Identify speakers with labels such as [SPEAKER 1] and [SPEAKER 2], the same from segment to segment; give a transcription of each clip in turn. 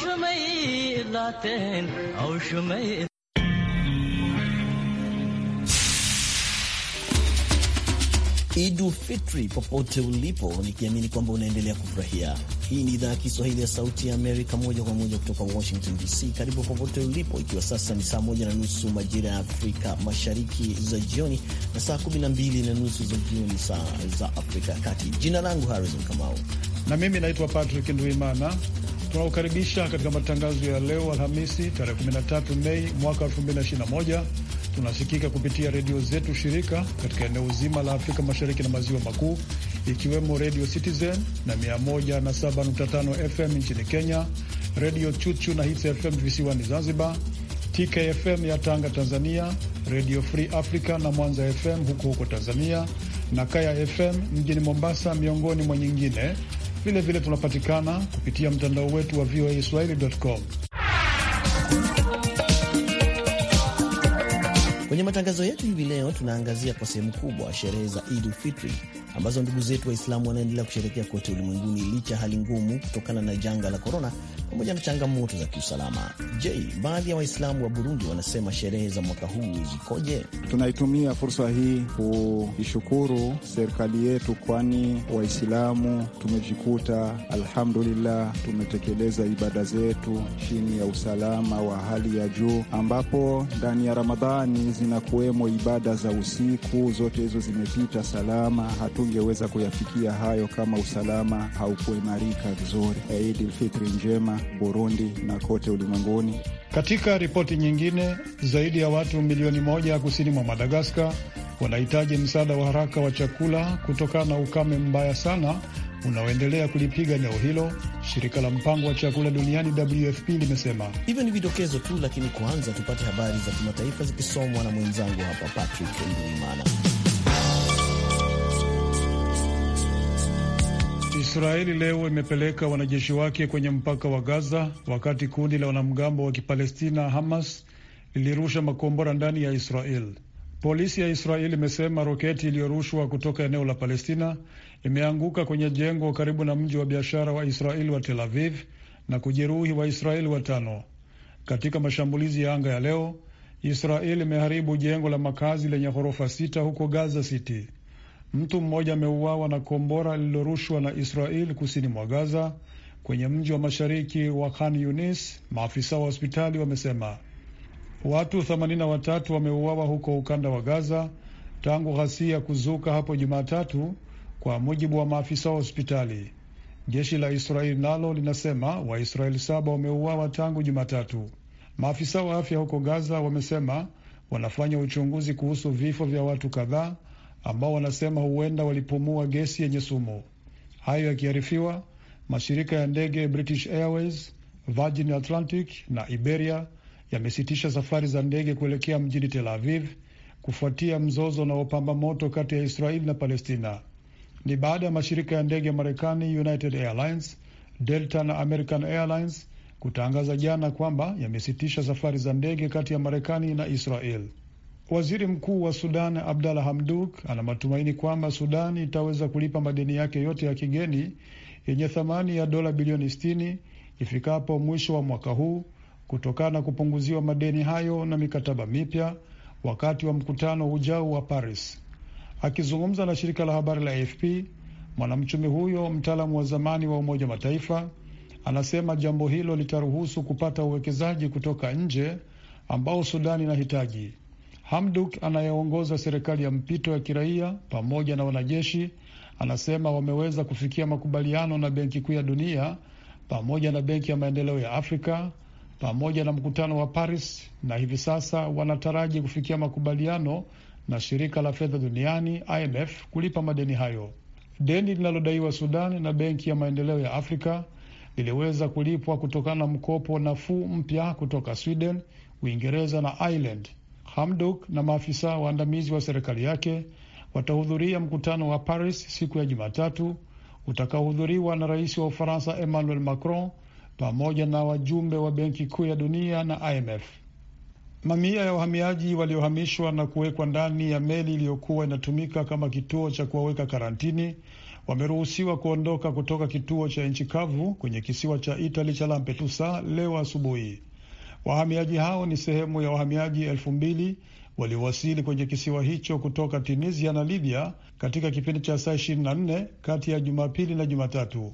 [SPEAKER 1] Idu
[SPEAKER 2] Fitri popote ulipo, nikiamini kwamba unaendelea kufurahia. Hii ni idhaa ya Kiswahili ya Sauti ya Amerika, moja kwa moja kutoka Washington DC. Karibu popote ulipo, ikiwa sasa ni saa moja na nusu majira ya Afrika Mashariki za jioni na saa kumi na mbili na nusu za jioni saa
[SPEAKER 3] za Afrika ya Kati. Jina langu Harrison Kamau na mimi naitwa Patrick Ndwimana. Tunakukaribisha katika matangazo ya leo Alhamisi, tarehe 13 Mei mwaka 2021. Tunasikika kupitia redio zetu shirika katika eneo zima la Afrika Mashariki na Maziwa Makuu, ikiwemo Redio Citizen na 107.5 FM nchini Kenya, Redio Chuchu na Hits FM visiwani Zanzibar, TKFM ya Tanga Tanzania, Redio Free Africa na Mwanza FM huko huko Tanzania, na Kaya FM mjini Mombasa, miongoni mwa nyingine Vilevile tunapatikana kupitia mtandao wetu wa VOA swahili.com.
[SPEAKER 2] Kwenye matangazo yetu hivi leo tunaangazia kwa sehemu kubwa sherehe za Idul Fitri ambazo ndugu zetu Waislamu wanaendelea kusherekea kote ulimwenguni licha hali ngumu kutokana na janga la korona pamoja na changamoto za kiusalama. Je, baadhi ya Waislamu wa Burundi wanasema sherehe za mwaka huu zikoje?
[SPEAKER 4] Tunaitumia fursa hii kuishukuru serikali yetu, kwani Waislamu tumejikuta, alhamdulillah, tumetekeleza ibada zetu chini ya usalama wa hali ya juu, ambapo ndani ya Ramadhani zinakuwemo ibada za usiku. Zote hizo zimepita salama, hatungeweza kuyafikia hayo kama usalama haukuimarika vizuri. Idil njema Burundi na kote ulimwenguni.
[SPEAKER 3] Katika ripoti nyingine, zaidi ya watu milioni moja kusini mwa Madagaskar wanahitaji msaada wa haraka wa chakula kutokana na ukame mbaya sana unaoendelea kulipiga eneo hilo, shirika la mpango wa chakula duniani WFP limesema.
[SPEAKER 2] Hivyo ni vidokezo tu, lakini kwanza tupate habari za kimataifa
[SPEAKER 3] zikisomwa na mwenzangu hapa Patrick
[SPEAKER 2] Nduimana.
[SPEAKER 3] Israeli leo imepeleka wanajeshi wake kwenye mpaka wa Gaza wakati kundi la wanamgambo wa Kipalestina Hamas lilirusha makombora ndani ya Israel. Polisi ya Israeli imesema roketi iliyorushwa kutoka eneo la Palestina imeanguka kwenye jengo karibu na mji wa biashara wa Israeli wa Tel Aviv na kujeruhi Waisraeli watano. Katika mashambulizi ya anga ya leo, Israeli imeharibu jengo la makazi lenye ghorofa sita huko Gaza City. Mtu mmoja ameuawa na kombora lililorushwa na Israel kusini mwa Gaza, kwenye mji wa mashariki wa Khan Yunis, maafisa wa hospitali wamesema. Watu 83 wameuawa huko ukanda wa Gaza tangu ghasia kuzuka hapo Jumatatu, kwa mujibu wa maafisa wa hospitali. Jeshi la Israeli nalo linasema Waisraeli saba wameuawa tangu Jumatatu. Maafisa wa afya huko Gaza wamesema wanafanya uchunguzi kuhusu vifo vya watu kadhaa ambao wanasema huenda walipumua gesi yenye sumu. Hayo yakiarifiwa, mashirika ya ndege British Airways, Virgin Atlantic na Iberia yamesitisha safari za ndege kuelekea mjini Tel Aviv kufuatia mzozo unaopamba moto kati ya Israeli na Palestina. Ni baada ya mashirika ya ndege ya Marekani United Airlines, Delta na American Airlines kutangaza jana kwamba yamesitisha safari za ndege kati ya Marekani na Israel. Waziri Mkuu wa Sudan Abdalla Hamduk ana matumaini kwamba Sudan itaweza kulipa madeni yake yote ya kigeni yenye thamani ya dola bilioni 60 ifikapo mwisho wa mwaka huu kutokana na kupunguziwa madeni hayo na mikataba mipya wakati wa mkutano ujao wa Paris. Akizungumza na shirika la habari la AFP, mwanamchumi huyo mtaalamu wa zamani wa Umoja wa Mataifa anasema jambo hilo litaruhusu kupata uwekezaji kutoka nje ambao Sudani inahitaji. Hamduk anayeongoza serikali ya mpito ya kiraia pamoja na wanajeshi anasema wameweza kufikia makubaliano na Benki Kuu ya Dunia pamoja na Benki ya Maendeleo ya Afrika pamoja na mkutano wa Paris na hivi sasa wanataraji kufikia makubaliano na shirika la fedha duniani IMF kulipa madeni hayo. Deni linalodaiwa Sudan na Benki ya Maendeleo ya Afrika liliweza kulipwa kutokana na mkopo nafuu mpya kutoka Sweden, Uingereza na Ireland Hamduk na maafisa waandamizi wa serikali yake watahudhuria mkutano wa Paris siku ya Jumatatu utakaohudhuriwa na rais wa Ufaransa Emmanuel Macron pamoja na wajumbe wa Benki Kuu ya Dunia na IMF. Mamia ya wahamiaji waliohamishwa na kuwekwa ndani ya meli iliyokuwa inatumika kama kituo cha kuwaweka karantini wameruhusiwa kuondoka kutoka kituo cha nchi kavu kwenye kisiwa cha Itali cha Lampedusa leo asubuhi. Wahamiaji hao ni sehemu ya wahamiaji elfu mbili waliowasili kwenye kisiwa hicho kutoka Tunisia na Libya katika kipindi cha saa na nne kati ya Jumapili na Jumatatu.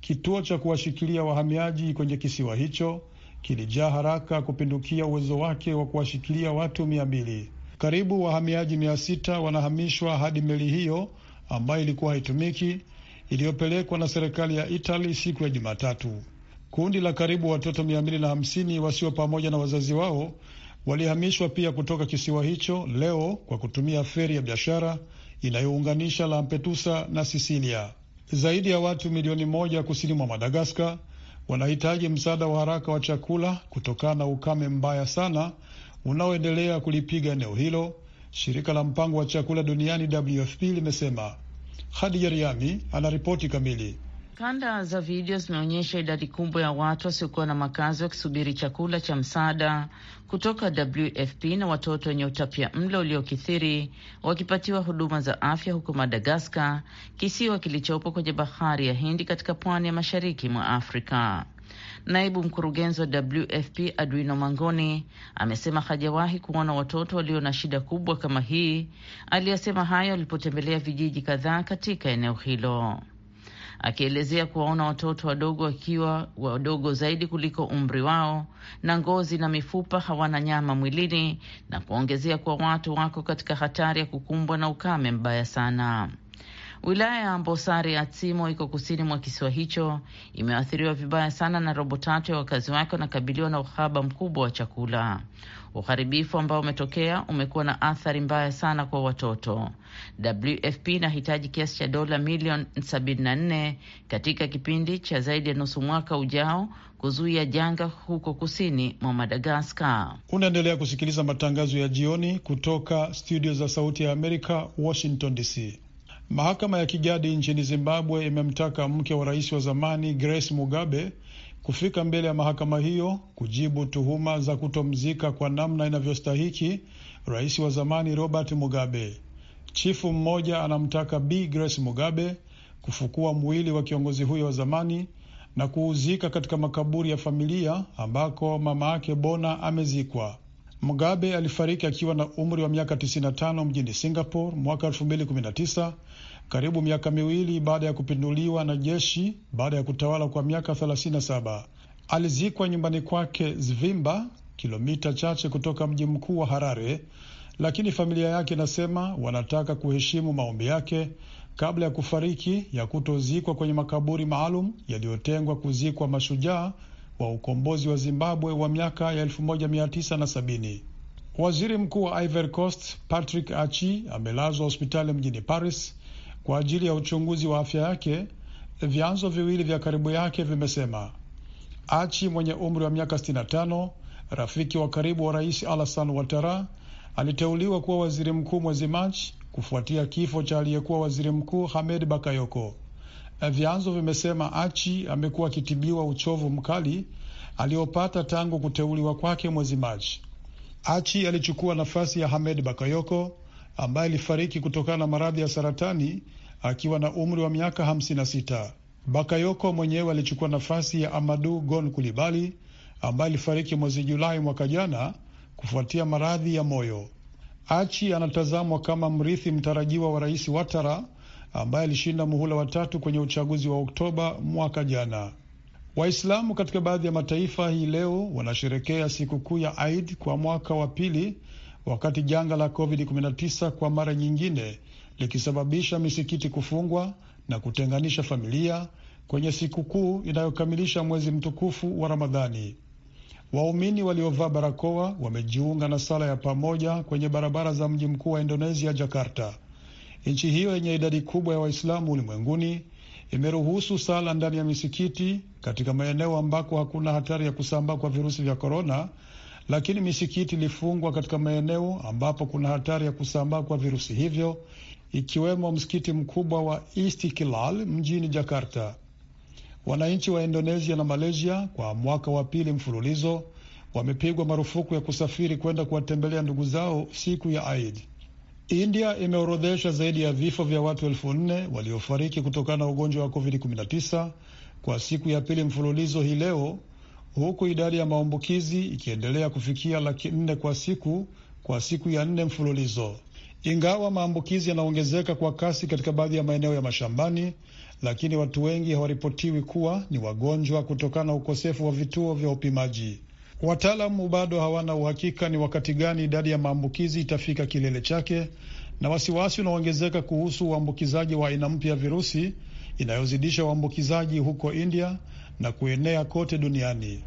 [SPEAKER 3] Kituo cha kuwashikilia wahamiaji kwenye kisiwa hicho kilijaa haraka kupindukia uwezo wake wa kuwashikilia watu mia mbili. Karibu wahamiaji mia sita wanahamishwa hadi meli hiyo ambayo ilikuwa haitumiki iliyopelekwa na serikali ya Itali siku ya Jumatatu. Kundi la karibu watoto 250 wasio pamoja na wazazi wao walihamishwa pia kutoka kisiwa hicho leo kwa kutumia feri ya biashara inayounganisha Lampedusa na Sisilia. Zaidi ya watu milioni moja kusini mwa Madagaskar wanahitaji msaada wa haraka wa chakula kutokana na ukame mbaya sana unaoendelea kulipiga eneo hilo, shirika la mpango wa chakula duniani WFP limesema. Hadija Riami anaripoti kamili.
[SPEAKER 5] Kanda za video zimeonyesha idadi kubwa ya watu wasiokuwa na makazi wakisubiri chakula cha msaada kutoka WFP na watoto wenye utapia mlo uliokithiri wakipatiwa huduma za afya huko Madagaskar, kisiwa kilichopo kwenye bahari ya Hindi katika pwani ya mashariki mwa Afrika. Naibu mkurugenzi wa WFP Adwino Mangoni amesema hajawahi kuona watoto walio na shida kubwa kama hii. Aliyasema hayo alipotembelea vijiji kadhaa katika eneo hilo akielezea kuwaona watoto wadogo wakiwa wadogo zaidi kuliko umri wao, na ngozi na mifupa hawana nyama mwilini, na kuongezea kuwa watu wako katika hatari ya kukumbwa na ukame mbaya sana. Wilaya ya mbosari ya tsimo iko kusini mwa kisiwa hicho, imeathiriwa vibaya sana na robo tatu ya wakazi wake wanakabiliwa na uhaba mkubwa wa chakula. Uharibifu ambao umetokea umekuwa na athari mbaya sana kwa watoto. WFP inahitaji kiasi cha dola milioni 74 katika kipindi cha zaidi ya nusu mwaka ujao kuzuia janga huko kusini mwa Madagaskar.
[SPEAKER 3] Unaendelea kusikiliza matangazo ya jioni kutoka studio za Sauti ya Amerika, Washington DC. Mahakama ya kijadi nchini Zimbabwe imemtaka mke wa rais wa zamani Grace Mugabe kufika mbele ya mahakama hiyo kujibu tuhuma za kutomzika kwa namna inavyostahiki rais wa zamani Robert Mugabe. Chifu mmoja anamtaka Bi Grace Mugabe kufukua mwili wa kiongozi huyo wa zamani na kuuzika katika makaburi ya familia ambako mama yake Bona amezikwa. Mugabe alifariki akiwa na umri wa miaka 95 mjini Singapore mwaka 2019 karibu miaka miwili baada ya kupinduliwa na jeshi baada ya kutawala kwa miaka 37. Alizikwa nyumbani kwake Zvimba, kilomita chache kutoka mji mkuu wa Harare, lakini familia yake inasema wanataka kuheshimu maombi yake kabla ya kufariki ya kutozikwa kwenye makaburi maalum yaliyotengwa kuzikwa mashujaa wa ukombozi wa Zimbabwe wa miaka ya 1970. Waziri mkuu wa Ivory Coast Patrick Achi amelazwa hospitali mjini Paris kwa ajili ya uchunguzi wa afya yake, vyanzo viwili vya karibu yake vimesema. Achi mwenye umri wa miaka 65, rafiki wa karibu wa rais Alassane Ouattara, aliteuliwa kuwa waziri mkuu mwezi Machi kufuatia kifo cha aliyekuwa waziri mkuu Hamed Bakayoko. Eh, vyanzo vimesema Achi amekuwa akitibiwa uchovu mkali aliopata tangu kuteuliwa kwake mwezi Machi. Achi alichukua nafasi ya Hamed Bakayoko ambaye alifariki kutokana na maradhi ya saratani akiwa na umri wa miaka 56. Bakayoko mwenyewe alichukua nafasi ya Amadu Gon Kulibali ambaye alifariki mwezi Julai mwaka jana kufuatia maradhi ya moyo. Achi anatazamwa kama mrithi mtarajiwa wa rais Watara ambaye alishinda muhula watatu kwenye uchaguzi wa Oktoba mwaka jana. Waislamu katika baadhi ya mataifa hii leo wanasherekea sikukuu ya Aid kwa mwaka wa pili, wakati janga la COVID-19 kwa mara nyingine likisababisha misikiti kufungwa na kutenganisha familia kwenye sikukuu inayokamilisha mwezi mtukufu wa Ramadhani. Waumini waliovaa barakoa wamejiunga na sala ya pamoja kwenye barabara za mji mkuu wa Indonesia, Jakarta. Nchi hiyo yenye idadi kubwa ya Waislamu ulimwenguni imeruhusu sala ndani ya misikiti katika maeneo ambako hakuna hatari ya kusambaa kwa virusi vya korona, lakini misikiti ilifungwa katika maeneo ambapo kuna hatari ya kusambaa kwa virusi hivyo, ikiwemo msikiti mkubwa wa Istiklal mjini Jakarta. Wananchi wa Indonesia na Malaysia kwa mwaka wa pili mfululizo wamepigwa marufuku ya kusafiri kwenda kuwatembelea ndugu zao siku ya aidi India imeorodhesha zaidi ya vifo vya watu elfu nne waliofariki kutokana na ugonjwa wa COVID-19 kwa siku ya pili mfululizo hii leo, huku idadi ya maambukizi ikiendelea kufikia laki nne kwa siku kwa siku ya nne mfululizo. Ingawa maambukizi yanaongezeka kwa kasi katika baadhi ya maeneo ya mashambani, lakini watu wengi hawaripotiwi kuwa ni wagonjwa kutokana na ukosefu wa vituo vya upimaji. Wataalamu bado hawana uhakika ni wakati gani idadi ya maambukizi itafika kilele chake, na wasiwasi unaoongezeka kuhusu uambukizaji wa aina mpya ya virusi inayozidisha uambukizaji huko India na kuenea kote duniani.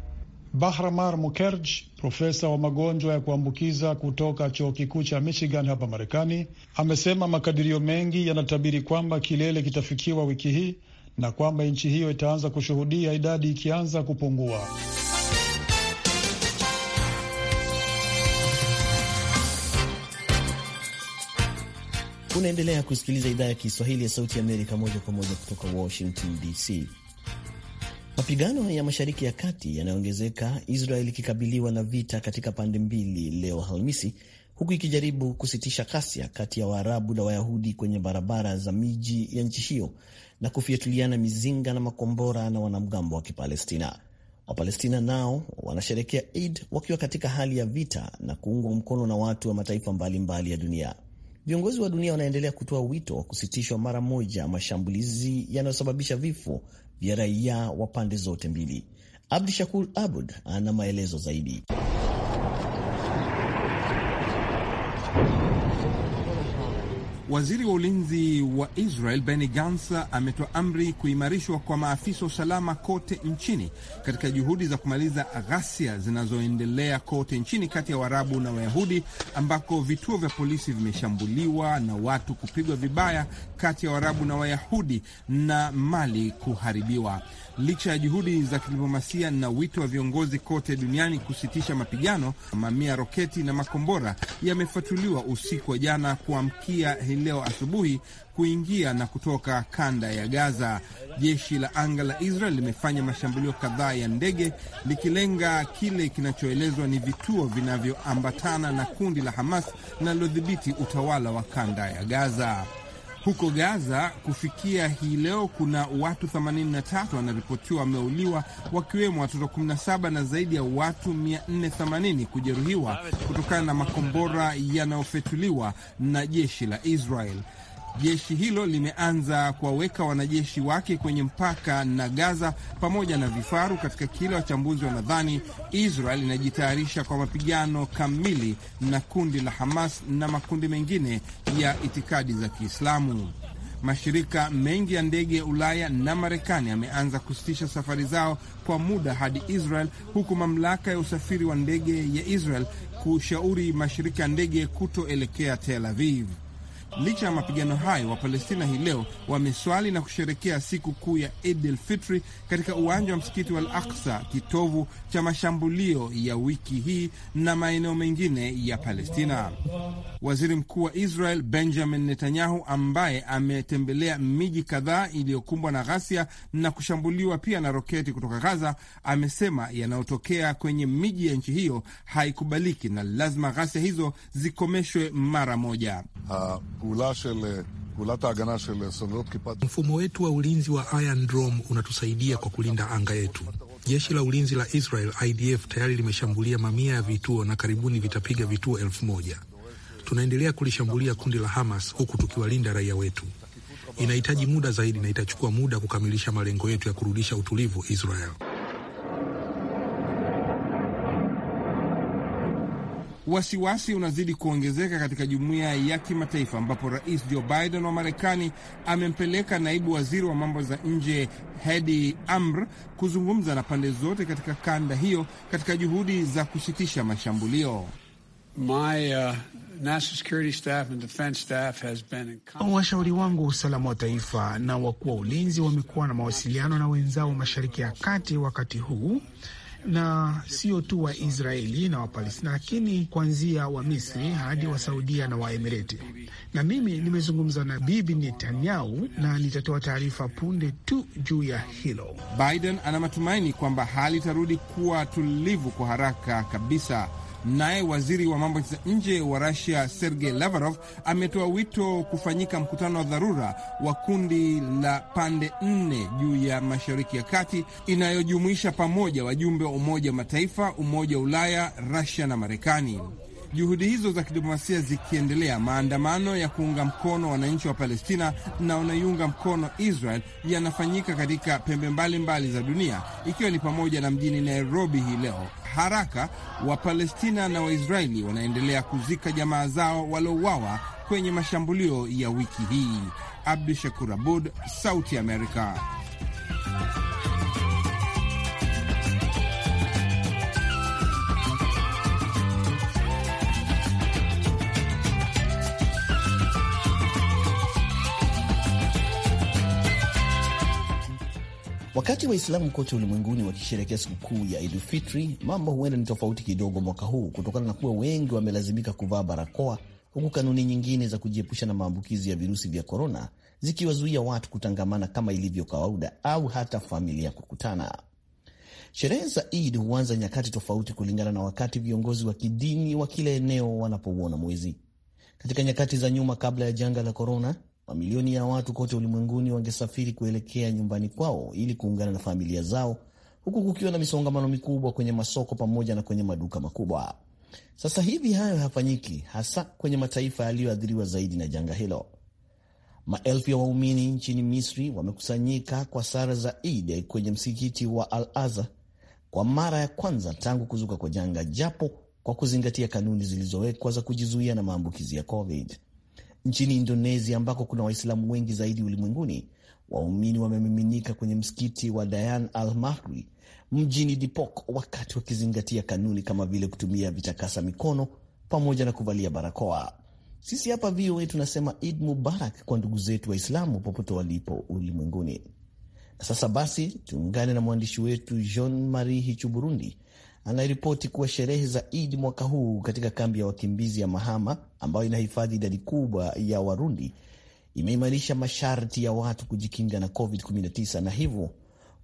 [SPEAKER 3] Bahramar Mukerj, profesa wa magonjwa ya kuambukiza kutoka chuo kikuu cha Michigan hapa Marekani, amesema makadirio mengi yanatabiri kwamba kilele kitafikiwa wiki hii na kwamba nchi hiyo itaanza kushuhudia idadi ikianza kupungua.
[SPEAKER 2] Unaendelea kusikiliza idhaa ya Kiswahili ya Sauti ya Amerika moja kwa moja kutoka Washington DC. Mapigano ya Mashariki ya Kati yanayoongezeka, Israel ikikabiliwa na vita katika pande mbili leo Alhamisi, huku ikijaribu kusitisha ghasia kati ya Waarabu na Wayahudi kwenye barabara za miji ya nchi hiyo na kufyatuliana mizinga na makombora na wanamgambo wa Kipalestina. Wapalestina nao wanasherekea Eid wakiwa katika hali ya vita na kuungwa mkono na watu wa mataifa mbalimbali mbali ya dunia. Viongozi wa dunia wanaendelea kutoa wito wa kusitishwa mara moja mashambulizi yanayosababisha vifo vya raia wa pande zote mbili. Abdu Shakur Abud ana maelezo zaidi.
[SPEAKER 6] Waziri wa ulinzi wa Israel Benny Gantz ametoa amri kuimarishwa kwa maafisa wa usalama kote nchini katika juhudi za kumaliza ghasia zinazoendelea kote nchini kati ya Waarabu na Wayahudi, ambako vituo vya polisi vimeshambuliwa na watu kupigwa vibaya kati ya Waarabu na Wayahudi na mali kuharibiwa. Licha ya juhudi za kidiplomasia na wito wa viongozi kote duniani kusitisha mapigano, mamia roketi na makombora yamefatuliwa usiku wa jana kuamkia hii leo asubuhi kuingia na kutoka kanda ya Gaza. Jeshi la anga la Israel limefanya mashambulio kadhaa ya ndege likilenga kile kinachoelezwa ni vituo vinavyoambatana na kundi la Hamas linalodhibiti utawala wa kanda ya Gaza. Huko Gaza kufikia hii leo kuna watu 83 wanaripotiwa wameuliwa, wakiwemo watoto 17 na zaidi ya watu 480 kujeruhiwa kutokana na makombora yanayofetuliwa na jeshi la Israel. Jeshi hilo limeanza kuwaweka wanajeshi wake kwenye mpaka na Gaza pamoja na vifaru katika kile wachambuzi wanadhani Israel inajitayarisha kwa mapigano kamili na kundi la Hamas na makundi mengine ya itikadi za Kiislamu. Mashirika mengi ya ndege ya Ulaya na Marekani yameanza kusitisha safari zao kwa muda hadi Israel, huku mamlaka ya usafiri wa ndege ya Israel kushauri mashirika ya ndege kutoelekea Tel Aviv. Licha ya mapigano hayo, Wapalestina hii leo wameswali na kusherekea siku kuu ya Id el Fitri katika uwanja wa msikiti wa Al Aksa, kitovu cha mashambulio ya wiki hii na maeneo mengine ya Palestina. Waziri Mkuu wa Israel Benjamin Netanyahu, ambaye ametembelea miji kadhaa iliyokumbwa na ghasia na kushambuliwa pia na roketi kutoka Gaza, amesema yanayotokea kwenye miji ya nchi hiyo haikubaliki na lazima ghasia hizo zikomeshwe mara moja. Uh, mfumo של wetu wa ulinzi wa Iron Dome unatusaidia kwa kulinda anga yetu. Jeshi la ulinzi la Israel IDF tayari limeshambulia mamia ya vituo na karibuni vitapiga vituo elfu moja. Tunaendelea kulishambulia kundi la Hamas huku tukiwalinda raia wetu. Inahitaji muda zaidi na itachukua muda kukamilisha malengo yetu ya kurudisha utulivu Israel. Wasiwasi unazidi kuongezeka katika jumuiya ya kimataifa ambapo Rais Joe Biden wa Marekani amempeleka naibu waziri wa mambo za nje Hedi Amr kuzungumza na pande zote katika kanda hiyo katika juhudi za kusitisha mashambulio.
[SPEAKER 3] My, uh,
[SPEAKER 6] washauri wangu wa usalama wa taifa na wakuu wa ulinzi wamekuwa na mawasiliano na wenzao wa Mashariki ya Kati wakati huu na sio tu wa Israeli na Wapalestina, lakini kuanzia wa Misri hadi wa Saudia na Waemireti. Na mimi nimezungumza na Bibi Netanyahu na nitatoa taarifa punde tu juu ya hilo. Biden ana matumaini kwamba hali itarudi kuwa tulivu kwa haraka kabisa Naye waziri wa mambo za nje wa Rasia Sergei Lavarov ametoa wito kufanyika mkutano wa dharura wa kundi la pande nne juu ya Mashariki ya Kati inayojumuisha pamoja wajumbe wa Umoja wa Mataifa, Umoja wa Ulaya, Rasia na Marekani. Juhudi hizo za kidiplomasia zikiendelea, maandamano ya kuunga mkono wananchi wa Palestina na wanaiunga mkono Israel yanafanyika katika pembe mbalimbali mbali za dunia, ikiwa ni pamoja na mjini Nairobi hii leo. Haraka Wapalestina na Waisraeli wanaendelea kuzika jamaa zao waliouawa kwenye mashambulio ya wiki hii. Abdu Shakur Abud, Sauti Amerika.
[SPEAKER 2] Wakati Waislamu kote ulimwenguni wakisherekea sikukuu ya Idulfitri, mambo huenda ni tofauti kidogo mwaka huu kutokana na kuwa wengi wamelazimika kuvaa barakoa, huku kanuni nyingine za kujiepusha na maambukizi ya virusi vya korona zikiwazuia watu kutangamana kama ilivyo kawaida au hata familia kukutana. Sherehe za Id huanza nyakati tofauti kulingana na wakati viongozi wa kidini wa kila eneo wanapouona mwezi. Katika nyakati za nyuma kabla ya janga la korona, Mamilioni ya watu kote ulimwenguni wangesafiri kuelekea nyumbani kwao ili kuungana na familia zao, huku kukiwa na misongamano mikubwa kwenye masoko pamoja na kwenye maduka makubwa. Sasa hivi hayo hayafanyiki, hasa kwenye mataifa yaliyoathiriwa zaidi na janga hilo. Maelfu ya waumini nchini Misri wamekusanyika kwa sara za ide kwenye msikiti wa Al Azhar kwa mara ya kwanza tangu kuzuka kwa janga, japo kwa kuzingatia kanuni zilizowekwa za kujizuia na maambukizi ya COVID. Nchini Indonesia ambako kuna Waislamu wengi zaidi ulimwenguni, waumini wamemiminika kwenye msikiti wa Dayan Al Mahri mjini Depok, wakati wakizingatia kanuni kama vile kutumia vitakasa mikono pamoja na kuvalia barakoa. Sisi hapa VOA tunasema Id Mubarak kwa ndugu zetu Waislamu popote walipo ulimwenguni. Na sasa basi, tuungane na mwandishi wetu Jean Marie Hichu Burundi anaripoti kuwa sherehe za id mwaka huu katika kambi ya wakimbizi ya Mahama ambayo inahifadhi idadi kubwa ya Warundi imeimarisha masharti ya watu kujikinga na COVID-19 na hivyo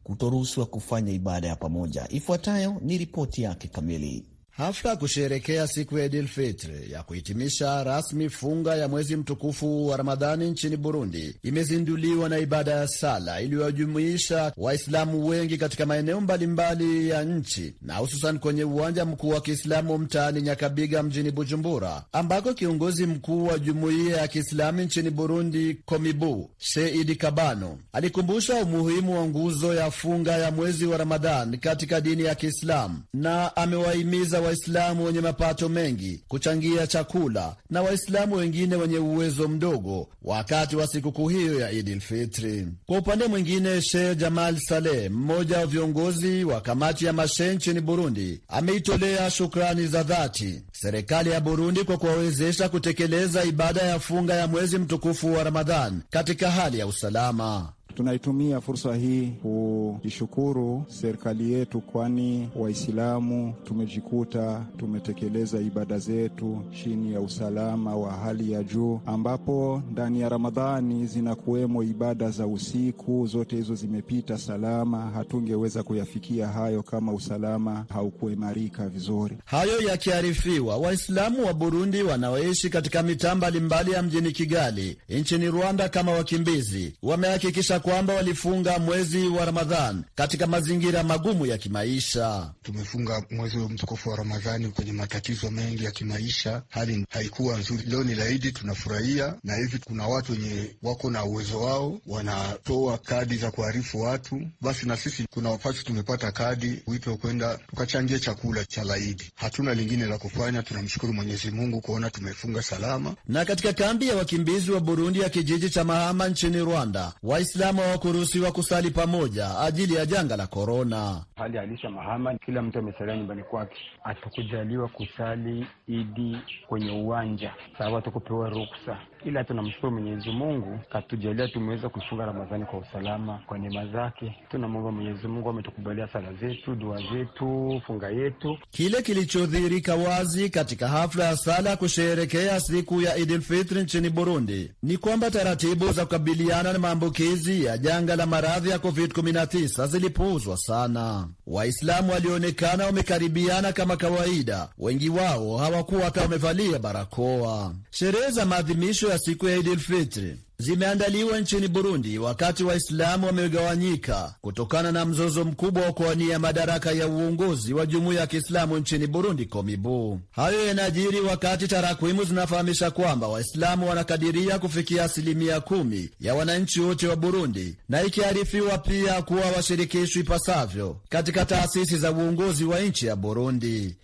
[SPEAKER 2] kutoruhusiwa kufanya ibada ya pamoja. Ifuatayo ni ripoti yake kamili. Hafla ya kusherekea siku ya Idil Fitri ya
[SPEAKER 7] kuhitimisha rasmi funga ya mwezi mtukufu wa Ramadhani nchini Burundi imezinduliwa na ibada ya sala iliyojumuisha Waislamu wengi katika maeneo mbalimbali ya nchi na hususan kwenye uwanja mkuu wa Kiislamu mtaani Nyakabiga mjini Bujumbura, ambako kiongozi mkuu wa jumuiya ya Kiislamu nchini Burundi Komibu seidi Kabano alikumbusha umuhimu wa nguzo ya funga ya mwezi wa Ramadhani katika dini ya Kiislamu na amewahimiza Waislamu wenye mapato mengi kuchangia chakula na Waislamu wengine wenye uwezo mdogo wakati wa sikukuu hiyo ya Idil Fitri. Kwa upande mwingine, sheh Jamal Saleh, mmoja wa viongozi wa kamati ya mashe nchini Burundi, ameitolea shukrani za dhati serikali ya Burundi kwa kuwawezesha kutekeleza ibada ya funga ya mwezi mtukufu wa Ramadhan
[SPEAKER 4] katika hali ya usalama. Tunaitumia fursa hii kujishukuru serikali yetu, kwani Waislamu tumejikuta tumetekeleza ibada zetu chini ya usalama wa hali ya juu, ambapo ndani ya Ramadhani zinakuwemo ibada za usiku. Zote hizo zimepita salama, hatungeweza kuyafikia hayo kama usalama haukuimarika vizuri.
[SPEAKER 7] Hayo yakiarifiwa, Waislamu wa Burundi wanaoishi katika mitaa mbalimbali ya mjini Kigali nchini Rwanda kama wakimbizi wamehakikisha kwamba walifunga mwezi wa Ramadhan katika mazingira magumu ya kimaisha.
[SPEAKER 6] Tumefunga mwezi wa mtukufu wa Ramadhani kwenye matatizo mengi ya kimaisha, hali
[SPEAKER 7] haikuwa nzuri. Leo ni laidi, tunafurahia na hivi, kuna watu wenye wako na uwezo wao wanatoa kadi za kuharifu watu, basi na sisi kuna wafasi tumepata kadi, wito kwenda tukachangia chakula cha laidi. Hatuna lingine la kufanya, tunamshukuru Mwenyezi Mungu kuona tumefunga salama. Na katika kambi ya wakimbizi wa Burundi ya kijiji cha Mahama nchini Rwanda,
[SPEAKER 4] Waislamu mahama
[SPEAKER 7] hawakuruhusiwa kusali pamoja ajili ya janga la korona.
[SPEAKER 6] Hali halisi ya mahama,
[SPEAKER 4] kila mtu amesalia nyumbani kwake, hatukujaliwa kusali idi kwenye uwanja sababu hatukupewa ruksa, ila tunamshukuru Mwenyezi Mungu katujalia, tumeweza kuifunga Ramadhani kwa usalama, kwa neema zake. Tunamwomba Mwenyezi Mungu ametukubalia sala zetu, dua zetu, funga yetu.
[SPEAKER 7] Kile kilichodhihirika wazi katika hafla ya sala ya kusheherekea siku ya Idilfitri nchini Burundi ni kwamba taratibu za kukabiliana na maambukizi pia janga la maradhi ya COVID-19 zilipuuzwa sana. Waislamu walionekana wamekaribiana kama kawaida, wengi wao hawakuwa hata wamevalia barakoa. Sherehe za maadhimisho ya siku ya Idil Fitri zimeandaliwa nchini Burundi wakati Waislamu wamegawanyika kutokana na mzozo mkubwa wa kuwania madaraka ya uongozi wa jumuiya ya Kiislamu nchini Burundi, Komibu. Hayo yanajiri wakati tarakwimu zinafahamisha kwamba Waislamu wanakadiria kufikia asilimia kumi ya wananchi wote wa Burundi, na ikiharifiwa pia kuwa washirikishwi ipasavyo katika taasisi za uongozi wa nchi ya Burundi.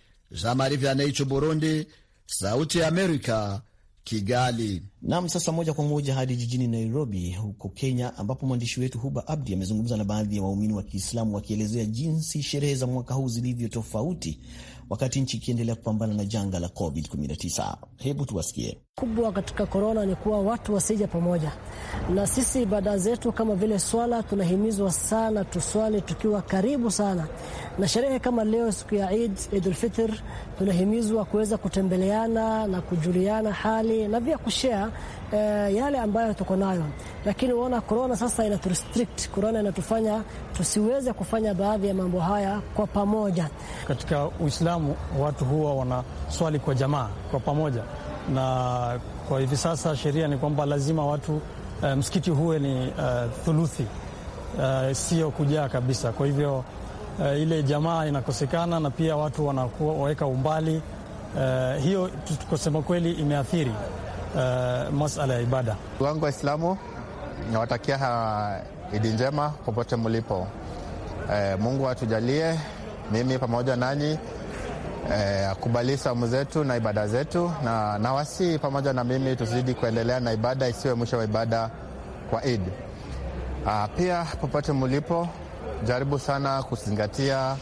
[SPEAKER 7] Burundi, Sauti ya Amerika,
[SPEAKER 2] Kigali. Nam, sasa moja kwa moja hadi jijini Nairobi huko Kenya, ambapo mwandishi wetu Huba Abdi amezungumza na baadhi ya waumini wa Kiislamu wakielezea jinsi sherehe za mwaka huu zilivyo tofauti wakati nchi ikiendelea kupambana na janga la COVID-19. Hebu tuwasikie.
[SPEAKER 1] Kubwa katika korona ni kuwa watu wasija pamoja, na sisi ibada zetu kama vile swala tunahimizwa sana tuswali tukiwa karibu sana, na sherehe kama leo siku ya Eid, Idul tunahimizwa kuweza kutembeleana na kujuliana hali na pia kushea eh, yale ambayo tuko nayo, lakini unaona korona sasa restrict, Korona inatufanya tusiweze kufanya baadhi ya mambo haya kwa pamoja.
[SPEAKER 3] Katika Uislamu watu huwa wanaswali kwa jamaa, kwa pamoja, na kwa hivi sasa sheria ni kwamba lazima watu eh, msikiti huwe ni eh, thuluthi eh, sio kujaa kabisa. Kwa hivyo eh, ile jamaa inakosekana na pia watu wanaweka umbali e, hiyo kusema kweli imeathiri uh, masala ya ibada.
[SPEAKER 6] Wangu Waislamu nawatakia uh, Idi njema popote mlipo. E, Mungu atujalie mimi pamoja nanyi e, akubali saumu zetu na ibada zetu, na nawasi pamoja na mimi tuzidi kuendelea na ibada, isiwe mwisho wa ibada kwa Id. pia popote mlipo jaribu sana kuzingatia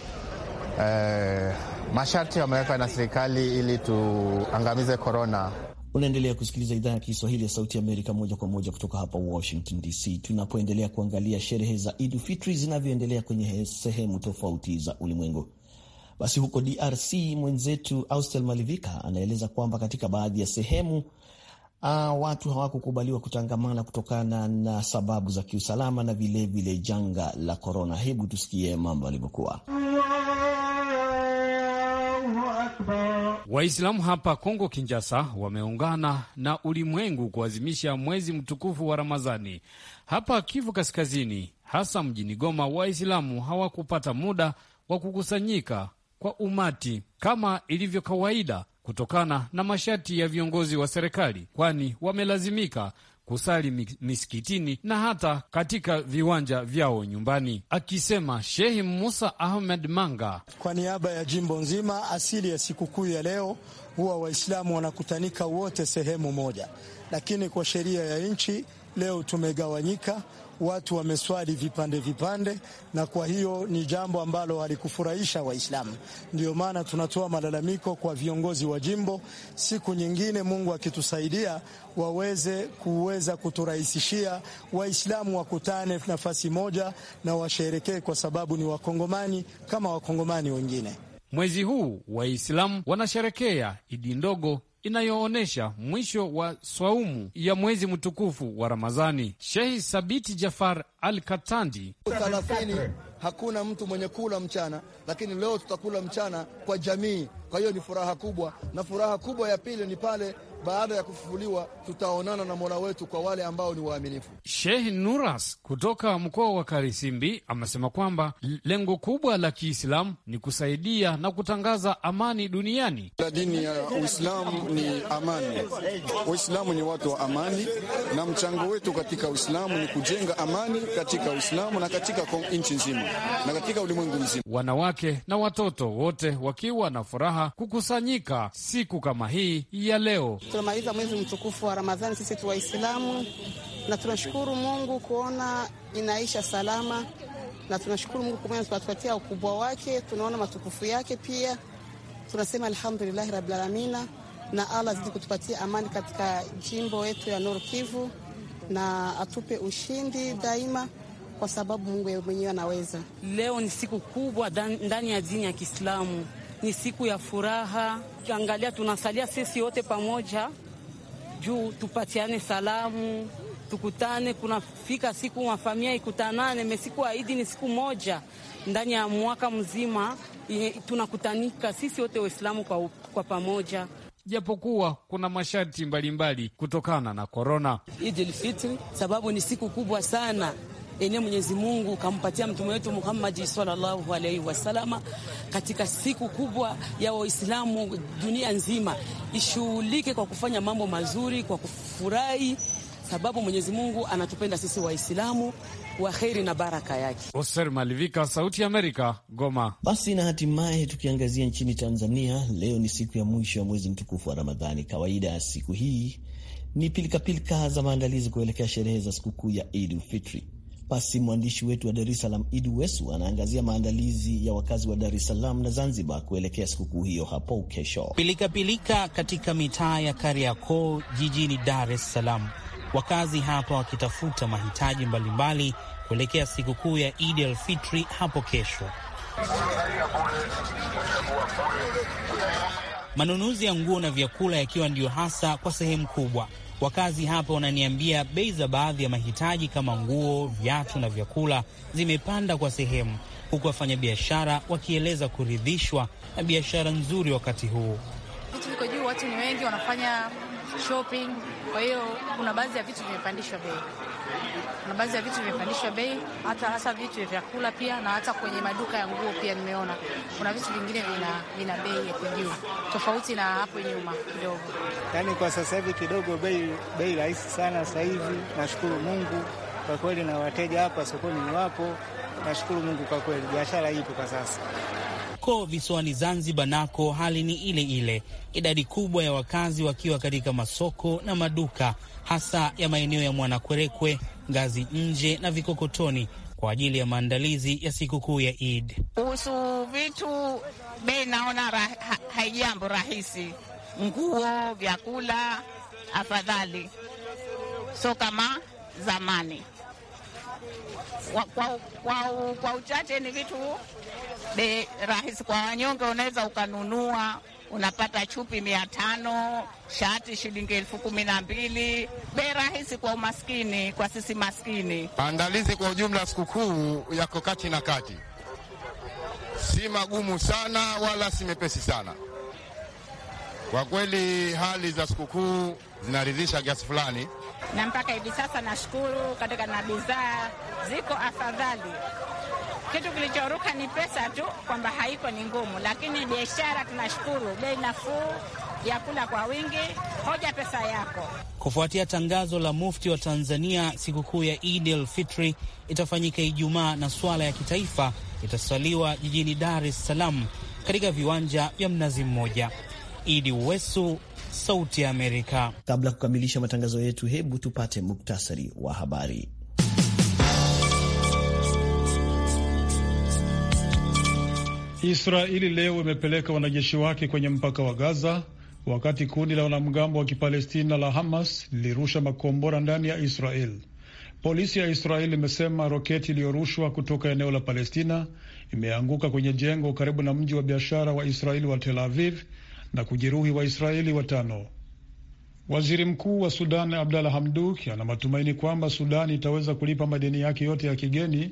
[SPEAKER 6] e, masharti yamewekwa na serikali ili tuangamize korona.
[SPEAKER 2] Unaendelea kusikiliza idhaa ya Kiswahili ya Sauti Amerika moja kwa moja kutoka hapa Washington DC, tunapoendelea kuangalia sherehe za Idu Fitri zinavyoendelea kwenye sehemu tofauti za ulimwengu. Basi huko DRC mwenzetu Austel Malivika anaeleza kwamba katika baadhi ya sehemu Uh, watu hawakukubaliwa kutangamana kutokana na sababu za kiusalama na vilevile vile janga la korona. Hebu tusikie mambo yalivyokuwa.
[SPEAKER 8] Waislamu hapa Kongo kinjasa wameungana na ulimwengu kuadhimisha mwezi mtukufu wa ramazani Hapa Kivu Kaskazini, hasa mjini Goma, Waislamu hawakupata muda wa kukusanyika kwa umati kama ilivyo kawaida kutokana na masharti ya viongozi wa serikali, kwani wamelazimika kusali misikitini na hata katika viwanja vyao nyumbani, akisema Shehi Musa Ahmed Manga
[SPEAKER 3] kwa niaba ya jimbo nzima. Asili ya sikukuu ya leo huwa Waislamu wanakutanika wote sehemu moja, lakini kwa sheria ya nchi leo tumegawanyika watu wameswali vipande vipande, na kwa hiyo ni jambo ambalo halikufurahisha Waislamu. Ndio maana tunatoa malalamiko kwa viongozi wa jimbo, siku nyingine Mungu akitusaidia waweze kuweza kuturahisishia Waislamu wakutane nafasi moja na washerekee, kwa sababu ni Wakongomani kama Wakongomani wengine.
[SPEAKER 8] Mwezi huu Waislamu wanasherekea Idi ndogo inayoonyesha mwisho wa swaumu ya mwezi mtukufu wa Ramadhani. shehi Sabiti Jafar Al Katandi
[SPEAKER 7] hakuna mtu mwenye kula mchana, lakini leo tutakula mchana kwa jamii. Kwa hiyo ni furaha kubwa, na furaha kubwa ya pili ni pale baada ya kufufuliwa tutaonana na Mola wetu kwa wale ambao ni waaminifu.
[SPEAKER 8] Sheikh Nuras kutoka mkoa wa Karisimbi amesema kwamba lengo kubwa la Kiislamu ni kusaidia na kutangaza amani duniani. La dini ya Uislamu ni
[SPEAKER 4] amani. Uislamu ni watu wa amani, na mchango wetu katika Uislamu ni kujenga amani
[SPEAKER 8] katika Uislamu na katika nchi nzima na katika ulimwengu mzima. Wanawake na watoto wote wakiwa na furaha kukusanyika siku kama hii ya leo.
[SPEAKER 1] Tunamaliza mwezi mtukufu wa Ramadhani, sisi tu Waislamu, na tunashukuru Mungu kuona inaisha salama, na tunashukuru Mungu kumwena tunatupatia ukubwa wake, tunaona matukufu yake, pia tunasema alhamdulillahi rabbil alamina, na Allah azidi kutupatia amani katika jimbo yetu ya Nord Kivu na atupe ushindi daima kwa sababu Mungu mwenyewe anaweza.
[SPEAKER 5] Leo ni siku kubwa ndani ya dini ya Kiislamu, ni siku ya furaha. Ukiangalia tunasalia sisi wote pamoja juu tupatiane salamu, tukutane. Kunafika siku mafamilia ikutanane, mesiku aidi ni siku moja ndani ya mwaka mzima tunakutanika sisi wote Waislamu kwa, kwa pamoja
[SPEAKER 8] japokuwa kuna masharti mbalimbali kutokana na korona. Idil Fitri sababu ni siku kubwa sana
[SPEAKER 5] yenyewe Mwenyezi Mungu kampatia mtume wetu Muhammad sallallahu alaihi wasalama katika siku kubwa ya Waislamu dunia nzima, ishughulike kwa kufanya mambo mazuri, kwa kufurahi sababu Mwenyezi Mungu anatupenda sisi Waislamu
[SPEAKER 8] wa kheri na baraka yake. Oser Malivika, Sauti ya Amerika, Goma. Basi na hatimaye
[SPEAKER 2] tukiangazia nchini Tanzania, leo ni siku ya mwisho ya mwezi mtukufu wa Ramadhani. Kawaida siku hii ni pilikapilika za maandalizi kuelekea sherehe za sikukuu ya Idul Fitri. Basi mwandishi wetu wa Dar es Salaam Idi Wesu anaangazia maandalizi ya wakazi wa Dar es Salaam na Zanzibar kuelekea sikukuu hiyo hapo kesho.
[SPEAKER 1] Pilikapilika katika mitaa ya Kariakoo jijini Dar es Salaam, wakazi hapa wakitafuta mahitaji mbalimbali kuelekea sikukuu ya Idi el Fitri hapo kesho. Manunuzi ya nguo na vyakula yakiwa ndiyo hasa kwa sehemu kubwa Wakazi hapa wananiambia bei za baadhi ya mahitaji kama nguo, viatu na vyakula zimepanda kwa sehemu, huku wafanyabiashara wakieleza kuridhishwa na biashara nzuri wakati huu.
[SPEAKER 5] Vitu viko juu, watu ni wengi wanafanya shopping, kwa hiyo kuna baadhi ya vitu vimepandishwa bei na baadhi ya vitu vimepandishwa bei, hata hasa vitu vya vyakula pia, na hata kwenye maduka ya nguo pia nimeona kuna vitu vingine vina, vina bei ya juu tofauti na hapo
[SPEAKER 4] nyuma kidogo. Yaani kwa sasa hivi kidogo bei bei rahisi sana sasa hivi, nashukuru Mungu kwa kweli, na wateja hapa sokoni ni wapo, nashukuru Mungu kwa kweli, biashara ipo kwa sasa. Huko
[SPEAKER 1] visiwani Zanzibar nako hali ni ile ile, idadi kubwa ya wakazi wakiwa katika masoko na maduka hasa ya maeneo ya Mwanakwerekwe, Ngazi Nje na Vikokotoni kwa ajili ya maandalizi ya sikukuu ya Id.
[SPEAKER 5] Kuhusu vitu, bei naona rah ha, haijambo rahisi, nguo, vyakula afadhali, so kama zamani kwa, kwa, kwa, kwa uchache ni vitu be rahisi kwa wanyonge, unaweza ukanunua unapata chupi mia tano, shati shilingi elfu kumi na mbili. Bei rahisi kwa umaskini, kwa sisi maskini.
[SPEAKER 6] Maandalizi kwa ujumla sikukuu yako kati na kati, si magumu sana wala si mepesi sana. Kwa kweli hali za sikukuu zinaridhisha kiasi fulani,
[SPEAKER 5] na mpaka hivi sasa nashukuru katika na bidhaa ziko afadhali. Kitu kilichoruka ni pesa tu, kwamba haiko ni ngumu, lakini biashara tunashukuru, bei nafuu, vyakula kwa wingi, hoja pesa yako.
[SPEAKER 1] Kufuatia tangazo la mufti wa Tanzania, sikukuu ya Eid el Fitri itafanyika Ijumaa na swala ya kitaifa itasaliwa jijini Dar es Salaam katika viwanja vya Mnazi Mmoja. Idi Wesu, Sauti ya Amerika. Kabla ya kukamilisha matangazo yetu, hebu tupate muktasari wa habari.
[SPEAKER 3] Israeli leo imepeleka wanajeshi wake kwenye mpaka wa Gaza wakati kundi la wanamgambo wa Kipalestina la Hamas lilirusha makombora ndani ya Israel. Polisi ya Israeli imesema roketi iliyorushwa kutoka eneo la Palestina imeanguka kwenye jengo karibu na mji wa biashara wa Israeli wa Tel Aviv na kujeruhi Waisraeli watano. Waziri mkuu wa Sudan Abdalla Hamduk ana matumaini kwamba Sudan itaweza kulipa madeni yake yote ya kigeni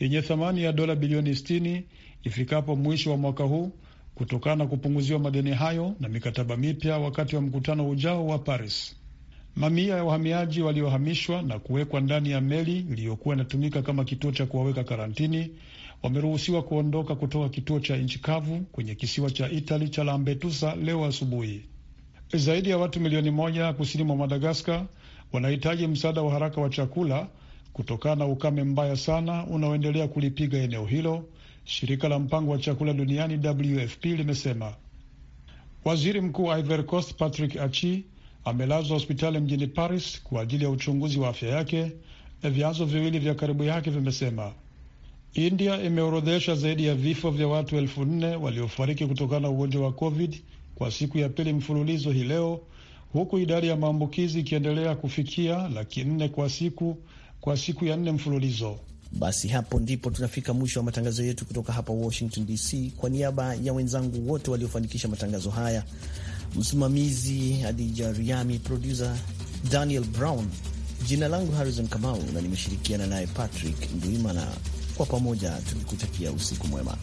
[SPEAKER 3] yenye thamani ya dola bilioni 60 ifikapo mwisho wa mwaka huu kutokana na kupunguziwa madeni hayo na mikataba mipya wakati wa mkutano ujao wa Paris. Mamia ya wahamiaji waliohamishwa na kuwekwa ndani ya meli iliyokuwa inatumika kama kituo cha kuwaweka karantini wameruhusiwa kuondoka kutoka kituo cha nchi kavu kwenye kisiwa cha Itali cha Lampedusa leo asubuhi. Zaidi ya watu milioni moja kusini mwa Madagaskar wanahitaji msaada wa haraka wa chakula kutokana na ukame mbaya sana unaoendelea kulipiga eneo hilo, shirika la mpango wa chakula duniani WFP limesema. Waziri Mkuu wa Ivory Coast Patrick Achi amelazwa hospitali mjini Paris kwa ajili ya uchunguzi wa afya yake, vyanzo viwili vya karibu yake vimesema. India imeorodhesha zaidi ya vifo vya watu elfu nne waliofariki kutokana na ugonjwa wa COVID kwa siku ya pili mfululizo hii leo, huku idadi ya maambukizi ikiendelea kufikia laki nne kwa siku kwa siku ya nne mfululizo.
[SPEAKER 2] Basi hapo ndipo tunafika mwisho wa matangazo yetu kutoka hapa Washington DC. Kwa niaba ya wenzangu wote waliofanikisha matangazo haya, msimamizi Adija Riami, produsa Daniel Brown, jina langu Harrison Kamau na nimeshirikiana naye Patrick Nduimana. Kwa pamoja tulikutakia usiku mwema.